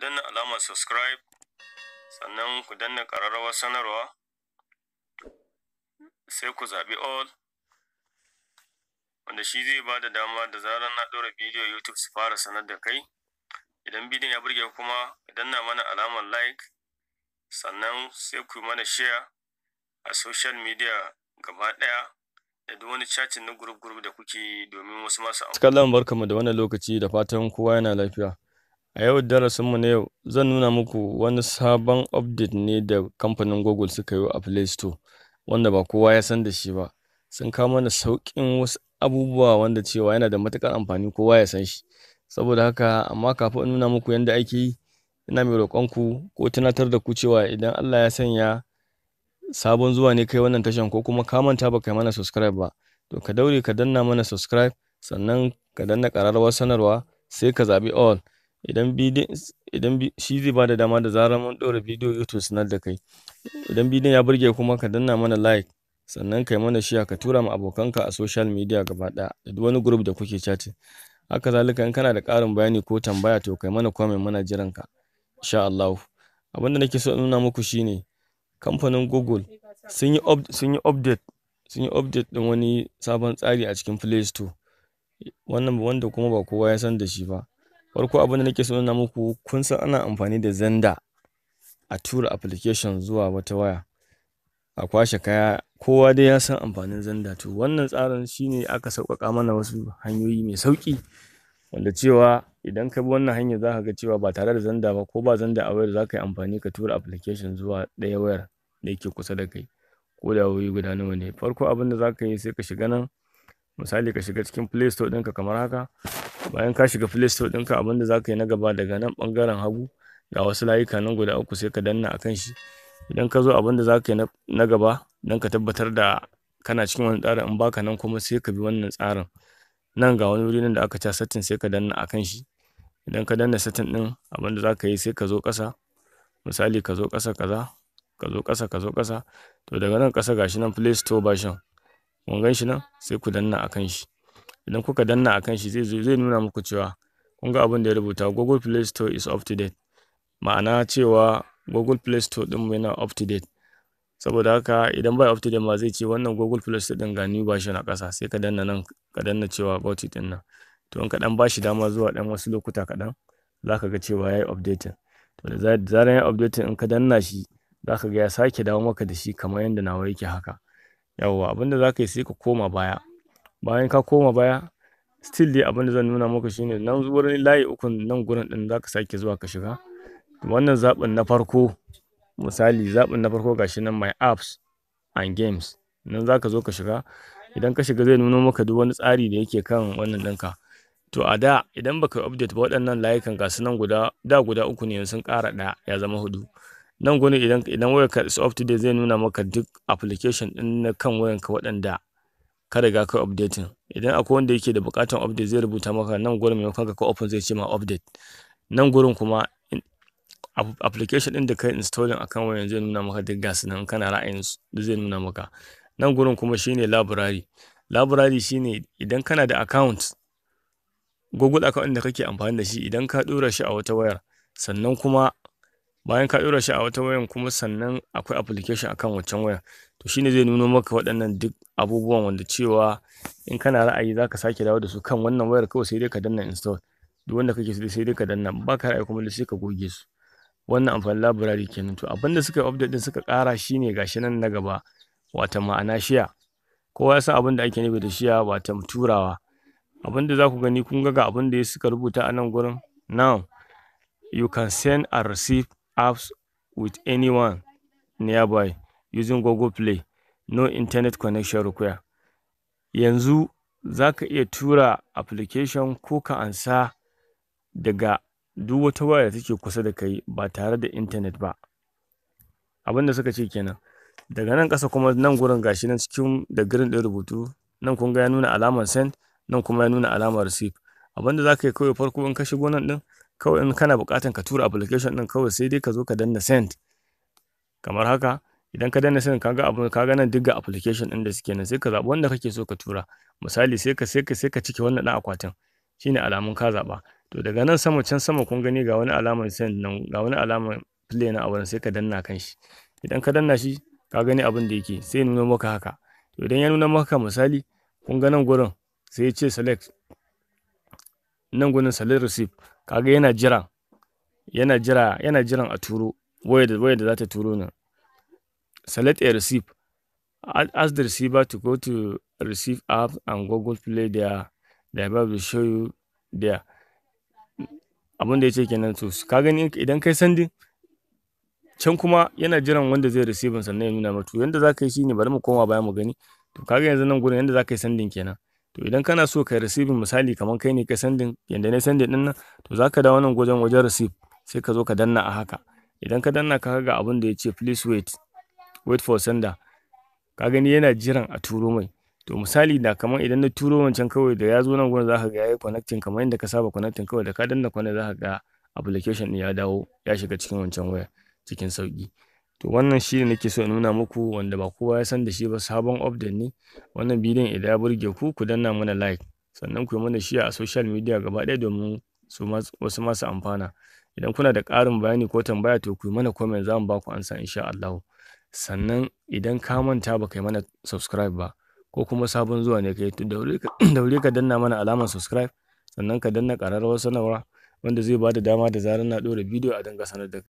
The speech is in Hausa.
danna alamar subscribe sannan ku danna ƙararrawar sanarwa sai ku zaɓi all wanda shi zai ba da dama da zarar na ɗora bidiyo youtube su fara sanar da kai idan bidiyon ya burge kuma danna mana alamar like sannan sai ku mana share a social media gaba ɗaya da duk wani chatting na group group da kuke domin wasu masu amfani kallon barkamu da wannan lokaci da fatan kowa yana lafiya A yau darasinmu na yau zan nuna muku wani sabon update ne da kamfanin Google suka yi a Play Store wanda ba kowa ya san da shi ba. Sun kawo mana sauƙin wasu abubuwa wanda cewa yana da matuƙar amfani kowa ya san shi. Saboda haka amma kafin in nuna muku yadda ake yi ina mai roƙonku ko tunatar da ku cewa idan Allah ya sanya sabon zuwa ne kai wannan tashan ko kuma ka manta ba kai mana subscribe ba to ka daure ka danna mana subscribe sannan ka danna ƙararrawar sanarwa sai ka zaɓi all idan bidiyon idan shi zai bada dama da zarar mun ɗora bidiyo YouTube sanar da kai idan bidiyon ya burge kuma ka danna mana like sannan kai mana shiya ka tura ma abokanka a social media gaba ɗaya da duk wani group da kuke chatting haka zalika in kana da ƙarin bayani ko tambaya to kai mana comment muna jiran ka insha Allah abinda nake so nuna muku shine kamfanin Google sun yi sun yi update sun yi update din wani sabon tsari a cikin Play Store wannan wanda kuma ba kowa ya san da shi ba farko abin da nake so nuna muku kun san ana amfani da zanda a tura application zuwa wata waya a kwashe kaya kowa dai ya san amfanin zanda to wannan tsarin shine aka sauƙaƙa mana wasu hanyoyi mai sauƙi wanda cewa idan ka bi wannan hanyar zaka ga cewa ba tare da zanda ba ko ba zanda a wayar zaka yi amfani ka tura application zuwa ɗaya wayar da yake kusa da kai ko da wayoyi guda nawa ne farko abin da zaka yi sai ka shiga nan misali ka shiga cikin play store ɗinka kamar haka bayan ka shiga play store ɗinka abinda za ka yi na gaba daga nan ɓangaren hagu ga wasu layuka nan guda uku sai ka danna akan shi idan ka zo abinda za ka yi na gaba don ka tabbatar da kana cikin wani tsarin in baka nan kuma sai ka bi wannan tsarin nan ga wani wuri nan da aka ca satin sai ka danna akan shi idan ka danna setting ɗin abinda za ka yi sai ka zo ƙasa misali ka zo ƙasa kaza ka zo ƙasa ka zo ƙasa to daga nan ƙasa gashi nan play store version mun gan shi nan sai ku danna a kan shi idan kuka danna a kan shi zai nuna muku cewa kun ga abin da ya rubuta Google Play Store is up to date ma'ana cewa Google Play Store din mu yana up to date saboda haka idan bai up to date ma zai ce wannan Google Play Store din ga new version a kasa sai ka danna nan ka danna cewa about it din nan to in ka dan bashi dama zuwa dan wasu lokuta kaɗan za ka ga cewa yayi updating to da zaran yayi updating in ka danna shi za ka ga ya sake dawo maka da shi kamar yanda nawa yake haka yawwa abinda za ka yi sai ka koma baya bayan ka koma baya still dai abinda zan nuna maka shine nan wurin layi ukun nan gurin din za ka sake zuwa ka shiga wannan zaɓin na farko misali zaɓin na farko gashi nan my apps and games nan za ka zo ka shiga idan ka shiga zai nuna maka duk wani tsari da yake kan wannan ɗinka to a da idan baka yi update ba waɗannan layukan ga nan guda da guda uku ne sun ƙara ɗaya ya zama hudu nan gwani idan idan ka is up to date zai nuna maka duk application ɗin na kan wayanka waɗanda ka riga kai updating idan akwai wanda yake da buƙatar update zai rubuta maka nan mai maimakon ka open zai ce ma update nan gurin kuma application ɗin da kai installing akan wayar zai nuna maka duk gasu nan kana ra'ayin da zai nuna maka nan gurin kuma shine library library shine idan kana da account google account da kake amfani da shi idan ka ɗora shi a wata wayar sannan kuma bayan ka ɗora shi a wata wayan kuma sannan akwai application akan wancan wayan to shine zai nuno maka waɗannan duk abubuwan wanda cewa in kana ra'ayi zaka sake dawo da su kan wannan wayar kawai sai dai ka danna install duk wanda kake so sai dai ka danna Ba baka ra'ayi kuma sai ka goge su wannan amfani library kenan to abinda suka update din suka ƙara ne gashi nan na gaba wata ma'ana shiya kowa ya san abin da ake nufi da shiya wata turawa abin da za ku gani kun ga ga abin da suka rubuta a nan gurin now you can send and receive apps with anyone nearby using Google Play No Internet connection required. Yanzu za ka iya tura application ko ka ansa daga duk wata waya da take kusa da kai ba tare da intanet ba. Abin da suka ce kenan. Daga nan kasa kuma nan gurin gashi nan cikin da girin ɗin rubutu nan kun ga ya nuna alamar send nan kuma ya nuna alamar receive. Abin da za ka yi kawai farko in ka shigo nan ɗin kawai in kana bukatan ka tura application ɗin kawai sai dai ka zo ka danna send kamar haka idan ka danna send kaga abun kaga nan duk ga application din da suke nan sai ka zaɓi wanda kake so ka tura misali sai ka sai ka sai ka cike wannan ɗan akwatin shine alamun ka zaɓa to daga nan sama can sama kun gani ga wani alamar send nan ga wani alamar play na a sai ka danna kan shi idan ka danna shi ka gani abin da yake sai nuna maka haka to idan ya nuna maka misali kun ga nan gurin sai ya ce select nan gurin select receipt kaga yana jira yana jira yana jiran a turo waya da waya da za ta turo nan select a receive ask the receiver to go to receive app and google play there their their will show you there abin da ya kenan to ka gani idan kai sandin can kuma yana jiran wanda zai receive sannan ya nuna mutu yanda zaka yi shine bari mu koma baya mu gani to kaga yanzu nan gurin yanda zaka yi sandin kenan to idan kana so ka receive misali kamar kai ne kai sandin yanda ne sandin din nan to za ka da wannan wajen wajen receive sai ka zo ka danna a haka idan ka danna kaga ga abin da ya ce please wait wait for sender ka gani yana jiran a turo mai to misali da kamar idan na turo wancan kawai da ya zo nan gurin za ka ga connectin connecting kamar inda ka saba connecting kawai da ka danna kwanan za ka ga application din ya dawo ya shiga cikin wancan waya cikin sauki to wannan shi ne nake so in nuna muku wanda ba kowa ya san da shi ba sabon update ne wannan bidiyon idan ya burge ku ku danna mana like sannan ku yi mana shi a social media gaba ɗaya domin wasu masu amfana idan kuna da ƙarin bayani ko tambaya to ku mana comment za mu ba ku ansa insha Allah sannan idan ka manta baka yi mana subscribe ba ko kuma sabon zuwa ne kai to daure ka danna mana alamar subscribe sannan ka danna ƙararrawar sanarwa wanda zai bada dama da zarar na ɗora bidiyo a dinga sanar da